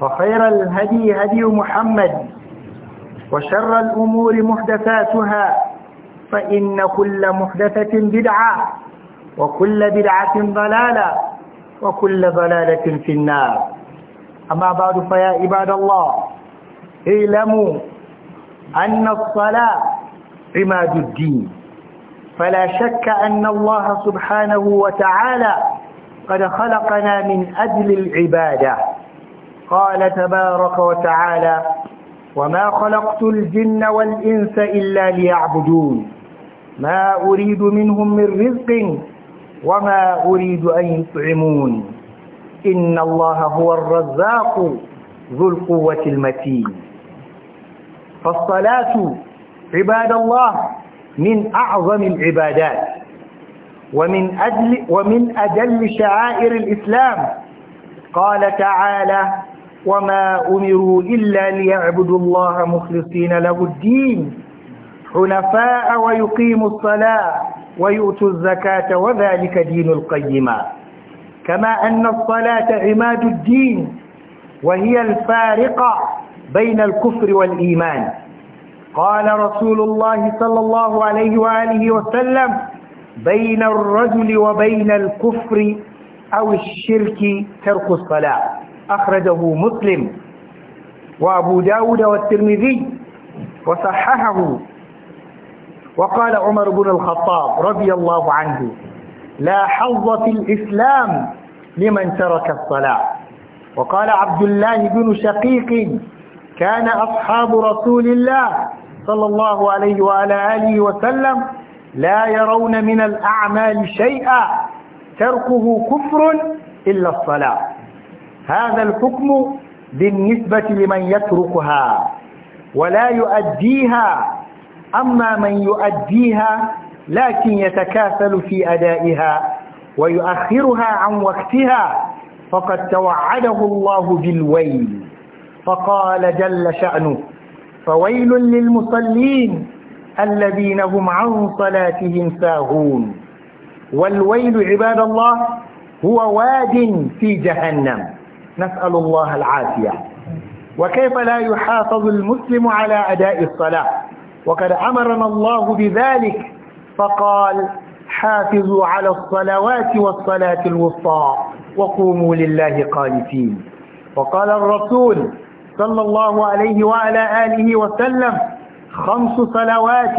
وخير الهدي هدي محمد وشر الأمور محدثاتها فإن كل محدثة بدعة وكل بدعة ضلالة وكل ضلالة في النار أما بعد فيا عباد الله اعلموا أن الصلاة عماد الدين فلا شك أن الله سبحانه وتعالى قد خلقنا من أجل العبادة قال تبارك وتعالى وما خلقت الجن والإنس إلا ليعبدون ما أريد منهم من رزق وما أريد أن يطعمون إن الله هو الرزاق ذو القوة المتين فالصلاة عباد الله من أعظم العبادات ومن أجل ومن أجل شعائر الإسلام قال تعالى وما أمروا إلا ليعبدوا الله مخلصين له الدين حنفاء ويقيموا الصلاة ويؤتوا الزكاة وذلك دين القيمة كما أن الصلاة عماد الدين وهي الفارقة بين الكفر والإيمان قال رسول الله صلى الله عليه وآله وسلم بين الرجل وبين الكفر أو الشرك ترك الصلاة أخرجه مسلم وأبو داود والترمذي وصححه وقال عمر بن الخطاب رضي الله عنه لا حظ في الإسلام لمن ترك الصلاة وقال عبد الله بن شقيق كان أصحاب رسول الله صلى الله عليه وعلى آله وسلم لا يرون من الأعمال شيئا تركه كفر إلا الصلاة هذا الحكم بالنسبة لمن يتركها ولا يؤديها أما من يؤديها لكن يتكاسل في أدائها ويؤخرها عن وقتها فقد توعده الله بالويل فقال جل شأنه فويل للمصلين الذين هم عن صلاتهم ساهون والويل عباد الله هو واد في جهنم نسأل الله العافية وكيف لا يحافظ المسلم على أداء الصلاة وقد أمرنا الله بذلك فقال حافظوا على الصلوات والصلاة الوسطى وقوموا لله قانتين وقال الرسول صلى الله عليه وعلى آله وسلم خمس صلوات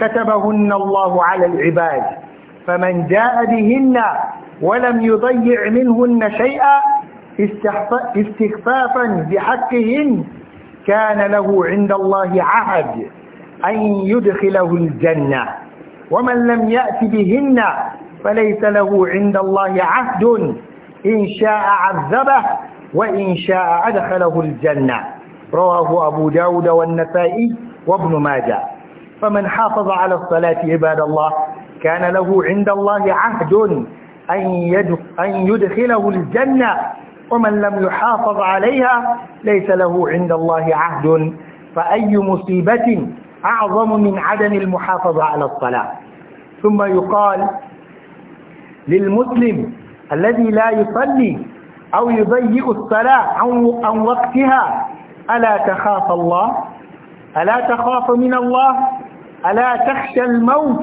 كتبهن الله على العباد فمن جاء بهن ولم يضيع منهن شيئا استخفافا بحقهن كان له عند الله عهد أن يدخله الجنة ومن لم يأت بهن فليس له عند الله عهد إن شاء عذبه وإن شاء أدخله الجنة رواه أبو داود والنسائي وابن ماجه فمن حافظ على الصلاة عباد الله كان له عند الله عهد أن يدخله الجنة ومن لم يحافظ عليها ليس له عند الله عهد فأي مصيبة أعظم من عدم المحافظة على الصلاة ثم يقال للمسلم الذي لا يصلي أو يضيء الصلاة عن وقتها ألا تخاف الله ألا تخاف من الله ألا تخشى الموت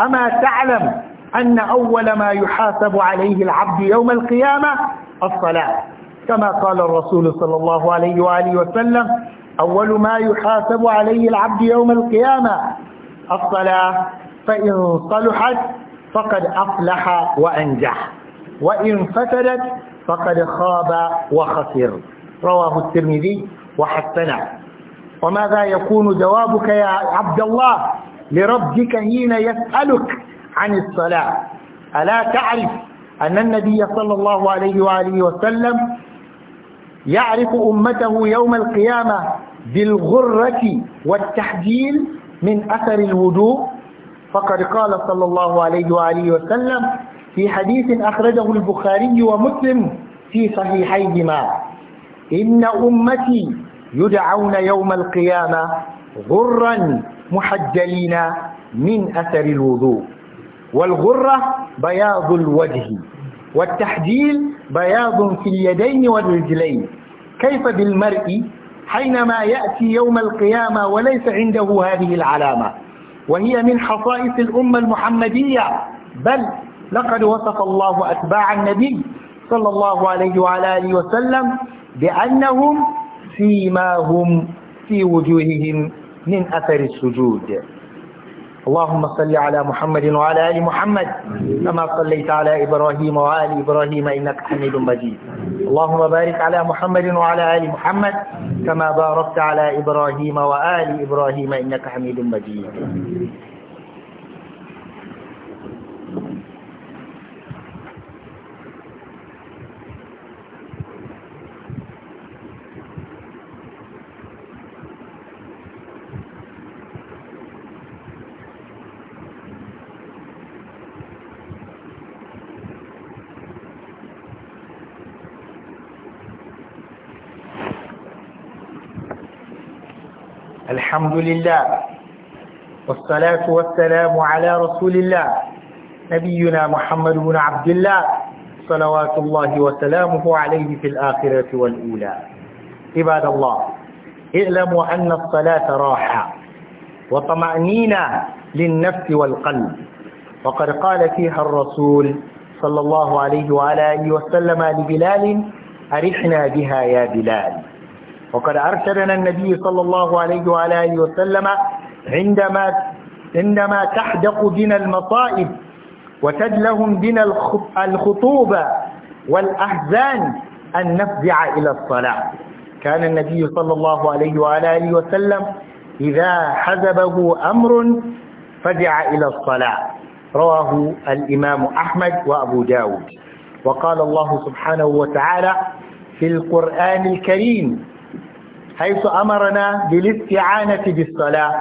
أما تعلم أن أول ما يحاسب عليه العبد يوم القيامة الصلاة كما قال الرسول صلى الله عليه وآله وسلم أول ما يحاسب عليه العبد يوم القيامة الصلاة فإن صلحت فقد أفلح وأنجح وإن فسدت فقد خاب وخسر رواه الترمذي وحسنه وماذا يكون جوابك يا عبد الله لربك حين يسألك عن الصلاة ألا تعرف أن النبي صلى الله عليه وآله وسلم يعرف أمته يوم القيامة بالغرة والتحجيل من أثر الوضوء فقد قال صلى الله عليه وآله وسلم في حديث أخرجه البخاري ومسلم في صحيحيهما إن أمتي يدعون يوم القيامة غرا محجلين من أثر الوضوء والغرة بياض الوجه والتحجيل بياض في اليدين والرجلين كيف بالمرء حينما يأتي يوم القيامة وليس عنده هذه العلامة وهي من خصائص الأمة المحمدية بل لقد وصف الله أتباع النبي صلى الله عليه وعلى آله وسلم بأنهم فيما هم في وجوههم من أثر السجود اللهم صل على محمد وعلى آل محمد كما صليت على إبراهيم وآل إبراهيم إنك حميد مجيد اللهم بارك على محمد وعلى آل محمد كما باركت على إبراهيم وآل إبراهيم إنك حميد مجيد الحمد لله والصلاة والسلام على رسول الله نبينا محمد بن عبد الله صلوات الله وسلامه عليه في الآخرة والأولى عباد الله اعلموا أن الصلاة راحة وطمأنينة للنفس والقلب وقد قال فيها الرسول صلى الله عليه وعلى آله وسلم لبلال أرحنا بها يا بلال وقد أرشدنا النبي صلى الله عليه وعلى آله وسلم عندما عندما تحدق بنا المصائب وتدلهم بنا الخطوبة والأحزان أن نفزع إلى الصلاة كان النبي صلى الله عليه وعلى آله وسلم إذا حزبه أمر فزع إلى الصلاة رواه الإمام أحمد وأبو داود وقال الله سبحانه وتعالى في القرآن الكريم حيث أمرنا بالاستعانة بالصلاة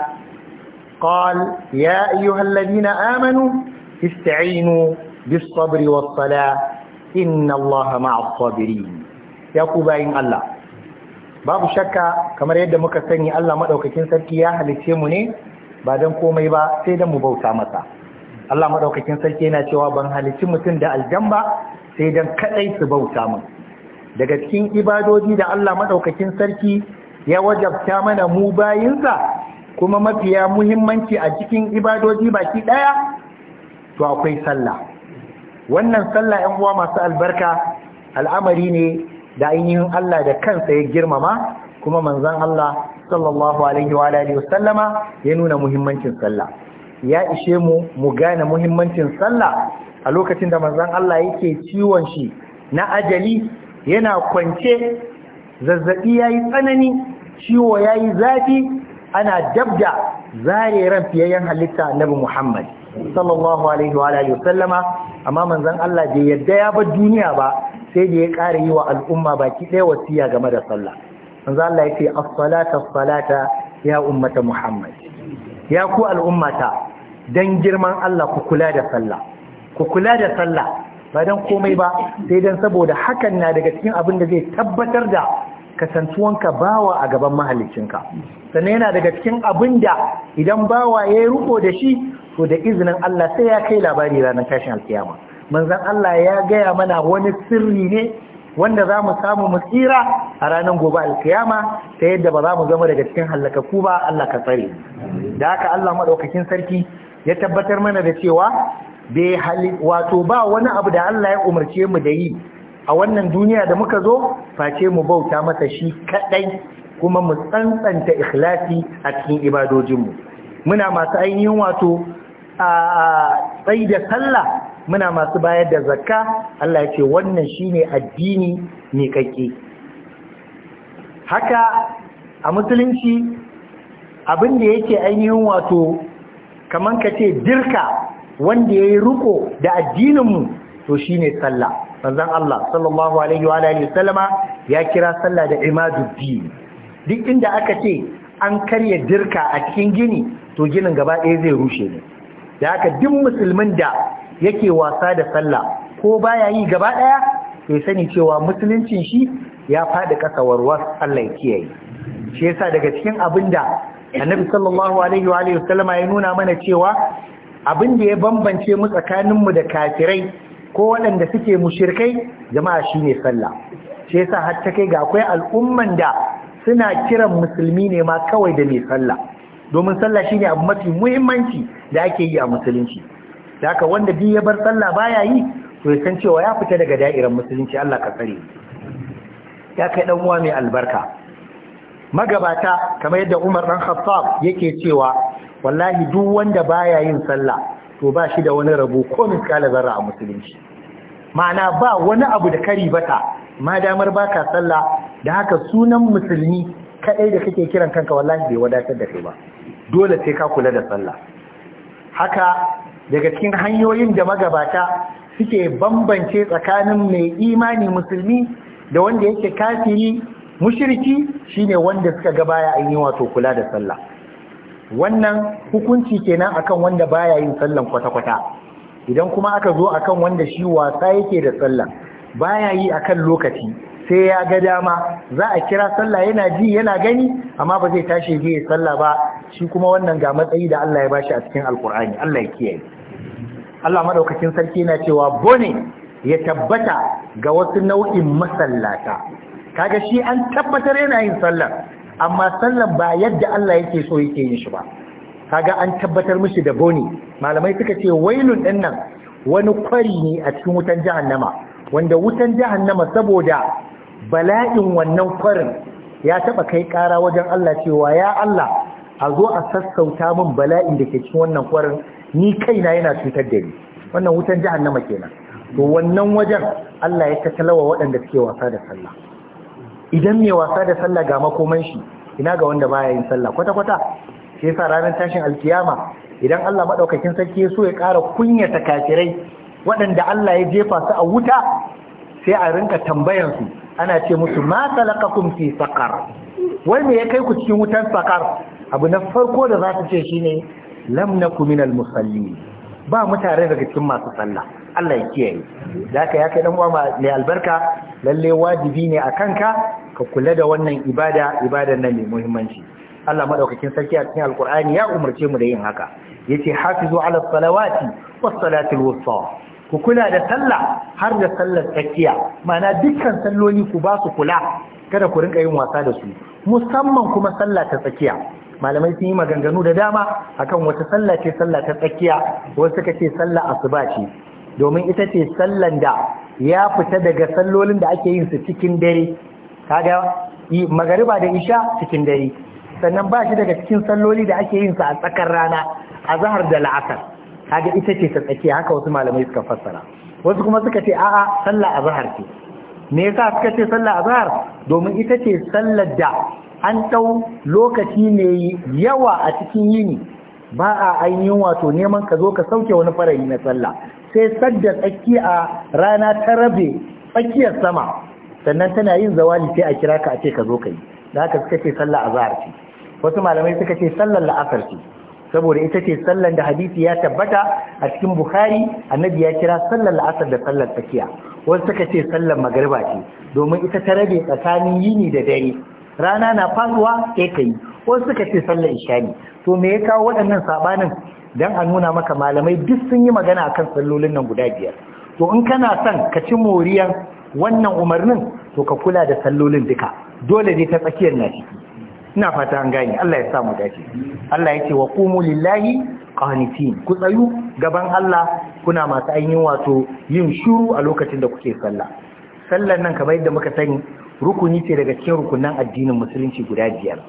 قال يا أيها الذين آمنوا استعينوا بالصبر والصلاة إن الله مع الصابرين يا قبائن الله babu shakka kamar yadda muka sani Allah maɗaukakin sarki ya halice mu ne ba dan komai ba sai dan mu bauta masa Allah maɗaukakin sarki yana cewa ban halici mutum da aljamba sai dan kaɗai su bauta mu daga cikin ibadoji da Allah maɗaukakin sarki ya wajabta mana mu bayinsa kuma mafiya muhimmanci a cikin ibadoji baki daya to akwai sallah wannan sallah yan uwa masu albarka al'amari ne da ainihin Allah da kansa ya girmama kuma manzon Allah sallallahu alaihi wa alihi wasallama ya nuna muhimmancin sallah ya ishe mu mu gane muhimmancin sallah a lokacin da manzon Allah yake ciwon shi na ajali yana kwance zazzabi yayi tsanani ciwo ya yi zafi ana dabda zare ran fiyayyen halitta annabi Muhammad sallallahu alaihi wa alihi sallama. amma manzon Allah bai yadda ya ba duniya ba sai da ya ƙara yi wa al'umma baki ɗaya wasiya game da sallah manzon Allah ya ce as-salata as-salata ya ummata Muhammad ya ku al'ummata dan girman Allah ku kula da sallah ku kula da sallah ba dan komai ba sai dan saboda hakan na daga cikin abin da zai tabbatar da kasantuwanka bawa a gaban mahallicinka sannan yana daga cikin abin da idan bawa ya yi ruko da shi to da izinin Allah sai ya kai labari ranar tashin alkiyama manzan Allah ya gaya mana wani sirri ne wanda za mu samu musira a ranar gobe alkiyama ta yadda ba za mu zama daga cikin hallakaku ba Allah ka tsare da haka Allah maɗaukakin sarki ya tabbatar mana da cewa bai wato ba wani abu da Allah ya umarce mu da yi a wannan duniya da muka zo face mu bauta masa shi kadai kuma mu tsantsanta ikhlasi a cikin ibadojinmu muna masu ainihin wato a tsayi da sallah muna masu bayar da zakka Allah ya ce wannan shine addini ne kake haka a musulunci abin da yake ainihin wato kaman ka ce dirka wanda ya yi ruko da addininmu to shine sallah manzon Allah sallallahu alaihi wa alihi sallama ya kira sallah da imaduddin duk inda aka ce an karya dirka a cikin gini to ginin gaba ɗaya zai rushe ne da haka duk musulmin da yake wasa da sallah ko baya yi gaba ɗaya ya sani cewa musuluncin shi ya faɗi ƙasa warwas Allah ya kiyaye shi yasa daga cikin abin da annabi sallallahu alaihi wa alihi sallama ya nuna mana cewa abin da ya bambance mu tsakaninmu da kafirai ko waɗanda suke mushirkai jama'a shine sallah shi yasa har ta kai ga akwai al'umman da suna kiran musulmi ne ma kawai da mai sallah domin sallah shine abu mafi muhimmanci da ake yi a musulunci da haka wanda duk ya bar sallah baya yi to ya san cewa ya fita daga da'irar musulunci Allah ka tsare ya kai dan uwa mai albarka magabata kamar yadda Umar ɗan Khattab yake cewa wallahi duk wanda baya yin sallah to ba shi da wani rabo ko min kala zarra a musulunci ma'ana ba wani abu da kari bata ma damar ka sallah da haka sunan musulmi kaɗai da kake kiran kanka wallahi bai wadatar da kai ba dole sai ka kula da sallah haka daga cikin hanyoyin da magabata suke bambance tsakanin mai imani musulmi da wanda yake kafiri mushriki shine wanda suka ga baya an yi wato kula da sallah wannan hukunci kenan akan wanda baya yin sallan kwata-kwata idan kuma aka zo akan wanda shi wasa yake da sallan baya yi akan lokaci sai ya ga dama za a kira sallah yana ji yana gani amma ba zai tashi je sallah ba shi kuma wannan ga matsayi da Allah ya bashi a cikin alkur'ani Allah ya kiyaye Allah madaukakin sarki yana cewa bone ya tabbata ga wasu nau'in masallata kaga shi an tabbatar yana yin sallah amma sallan ba yadda Allah yake so yake yin shi ba kaga an tabbatar mishi da boni malamai suka ce wailun din nan wani kwari ne a cikin wutan jahannama wanda wutan jahannama saboda bala'in wannan kwarin ya taba kai kara wajen Allah cewa ya Allah a zo a sassauta min bala'in da ke cikin wannan kwarin ni kaina yana cutar da ni wannan wutan jahannama kenan to wannan wajen Allah ya tattalawa waɗanda suke wasa da sallah idan mai wasa da sallah ga makoman shi ina ga wanda baya yin sallah kwata kwata shi yasa ranar tashin alkiyama idan Allah madaukakin sarki ya so ya kara kunyata kafirai waɗanda Allah ya jefa su a wuta sai a rinka tambayan su ana ce musu ma talakakum fi saqar wai me ya kai ku cikin wutan saqar abu na farko da za su ce shine lam nakum minal musallin ba mutare daga cikin masu sallah Allah ya kiyaye zaka ya kai dan uwa mai albarka lalle wajibi ne a kanka ka kula da wannan ibada ibadan nan mai muhimmanci Allah madaukakin sarki a cikin alkur'ani ya umarce mu da yin haka yace hafizu ala salawati was salatil wusta ku kula da sallah har da sallar tsakiya mana dukkan salloli ku ba su kula kada ku rinka yin wasa da su musamman kuma sallah ta tsakiya malamai sun yi maganganu da dama akan wata sallah ce sallah ta tsakiya wasu suka ce sallah asuba ce domin ita ce sallan da ya fita daga sallolin da ake yin su cikin dare kaga magariba da isha cikin dare sannan ba shi daga cikin salloli da ake yin su a tsakar rana a zahar da la'asar kaga ita ce ta tsakiya haka wasu malamai suka fassara wasu kuma suka ce a'a sallah zahar ce me yasa suka ce sallah zahar domin ita ce sallar da an ɗau lokaci ne yawa a cikin yini ba a ainihin wato neman ka zo ka sauke wani farayi na sallah sai sadda tsaki a rana ta rabe tsakiyar sama sannan tana yin zawali sai a kira ka a ce ka zo ka yi da haka suka ce sallah zahar ce wasu malamai suka ce sallar la'asar ce saboda ita ce sallar da hadisi ya tabbata a cikin bukari annabi ya kira sallar la'asar da sallar tsakiya wasu suka ce sallar magariba ce domin ita ta rabe tsakanin yini da dare rana na fasuwa sai ka yi wasu suka ce sallar isha ne to me ya kawo waɗannan sabanin dan a nuna maka malamai duk sun yi magana akan sallolin nan guda biyar to in kana son ka ci moriyan wannan umarnin to ka kula da sallolin duka dole ne ta tsakiyar na ciki ina fata an gane Allah ya sa mu dace Allah ya ce wa qumu lillahi qanitin ku tsayu gaban Allah kuna masu ainihin wato yin shuru a lokacin da kuke sallah Sallan nan kamar yadda muka sani rukuni ce daga cikin rukunan addinin musulunci guda biyar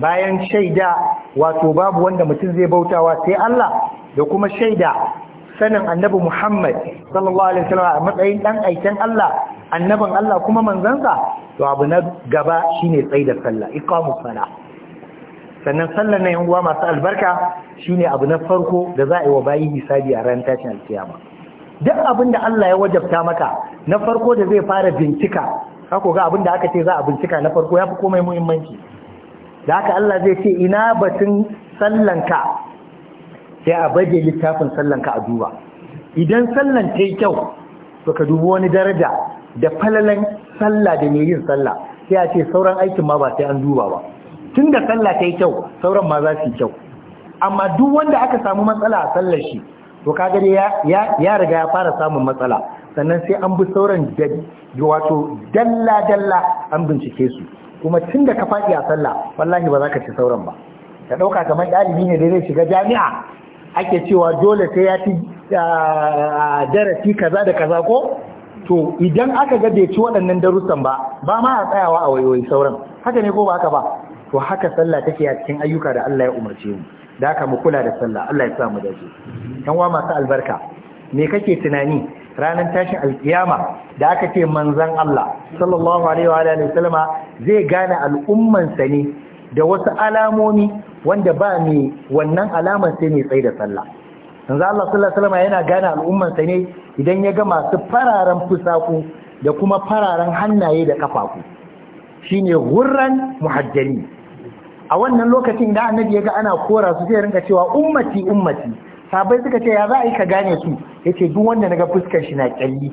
bayan shaida wato babu wanda mutum zai bautawa sai Allah da kuma shaida sanin annabi Muhammad sallallahu alaihi wasallam a matsayin dan aikin Allah annabin Allah kuma manzansa to abu na gaba shine tsaida sallah iqamu sala sannan sallar na yan uwa masu albarka shine abu na farko da za a yi wa bayi hisabi a ran tashin alkiyama duk abin da Allah ya wajabta maka na farko da zai fara bincika kako ga abin da aka ce za a bincika na farko ya fi komai muhimmanci da haka Allah zai ce ina batun sallanka sai a baje littafin sallanka a duba idan sallan ta yi kyau to ka dubi wani daraja da falalan sallah da mai yin sallah sai a ce sauran aikin ma ba sai an duba ba tun da sallah ta yi kyau sauran ma za su yi kyau amma duk wanda aka samu matsala a sallar shi to kaga dai ya riga ya fara samun matsala sannan sai an bi sauran wato dalla-dalla an bincike su kuma tun da ka faɗi a sallah wallahi ba za ka ci sauran ba ka ɗauka kamar ɗalibi ne da zai shiga jami'a ake cewa dole sai ya ci darasi kaza da kaza ko to idan aka ga bai ci waɗannan darussan ba ba ma a tsayawa a wayoyi sauran haka ne ko ba haka ba to haka sallah take a cikin ayyuka da Allah ya umarce mu da haka mu kula da sallah Allah ya sa mu dace kan wa masu albarka me kake tunani ranar tashin alkiyama da aka ce manzan Allah sallallahu alaihi wa alihi zai gane al'ummansa ne da wasu alamomi wanda ba ne wannan alamar sai mai tsaye da sallah manzo Allah sallallahu alaihi wasallama yana gane al'ummansa ne idan ya ga masu fararen fusaku da kuma fararen hannaye da kafafu shine gurran muhajjali a wannan lokacin da annabi ya ga ana kora su sai rinka cewa ummati ummati sabai suka ce ya za a yi ka gane su ya ce duk wanda naga fuskar shi na kyalli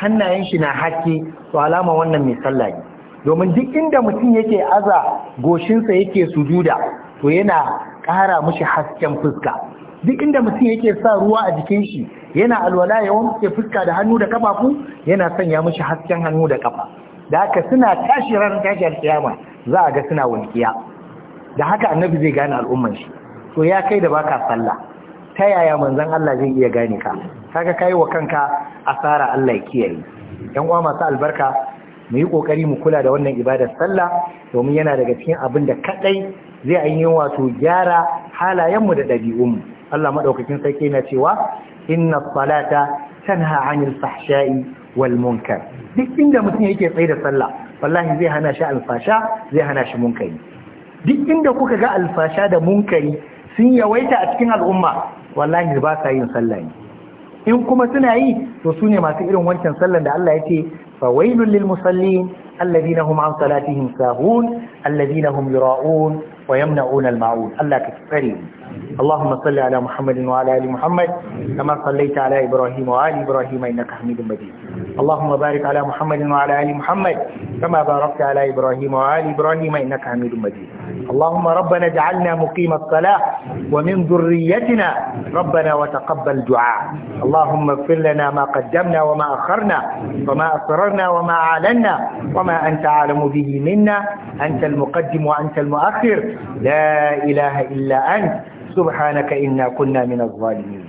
hannayen shi na hake to alama wannan mai sallah ne domin duk inda mutum yake aza goshinsa yake sujuda to yana ƙara mushi hasken fuska duk inda mutum yake sa ruwa a jikin shi yana alwala ya wanke fuska da hannu da kafafu yana sanya mushi hasken hannu da kafa da haka suna tashi ranar tashiyar kiyama za a ga suna walƙiya da haka annabi zai gane al'umman shi to ya kai da baka sallah ta yaya manzan Allah zai iya gane ka kaga kai wa kanka asara Allah ya kiyaye yan uwa masu albarka mu yi kokari mu kula da wannan ibadar sallah domin yana daga cikin abin da kaɗai, zai ainihin wato gyara halayenmu da ɗabi'unmu Allah madaukakin sarki na cewa inna salata tanha 'anil fahsha'i wal munkar duk inda mutum yake tsaye da sallah wallahi zai hana shi alfasha zai hana shi munkari duk inda kuka ga alfasha da munkari sun yawaita a cikin al'umma wallahi ba sa yin sallah ne in kuma suna yi to su ne masu irin wancan sallan da Allah ya ce fa wailul lil musallin alladhina hum an salatihim sahun alladhina hum yura'un wa yamna'un al ma'un Allah ka tsare mu. اللهم صل على محمد وعلى آل محمد كما صليت على إبراهيم وآل إبراهيم إنك حميد مجيد اللهم بارك على محمد وعلى آل محمد كما باركت على إبراهيم وآل إبراهيم إنك حميد مجيد اللهم ربنا اجعلنا مقيم الصلاة ومن ذريتنا ربنا وتقبل دعاء اللهم اغفر لنا ما قدمنا وما أخرنا وما أسررنا وما أعلنا وما أنت عالم به منا أنت المقدم وأنت المؤخر لا إله إلا أنت subhanaka inna kunna minaz zalimin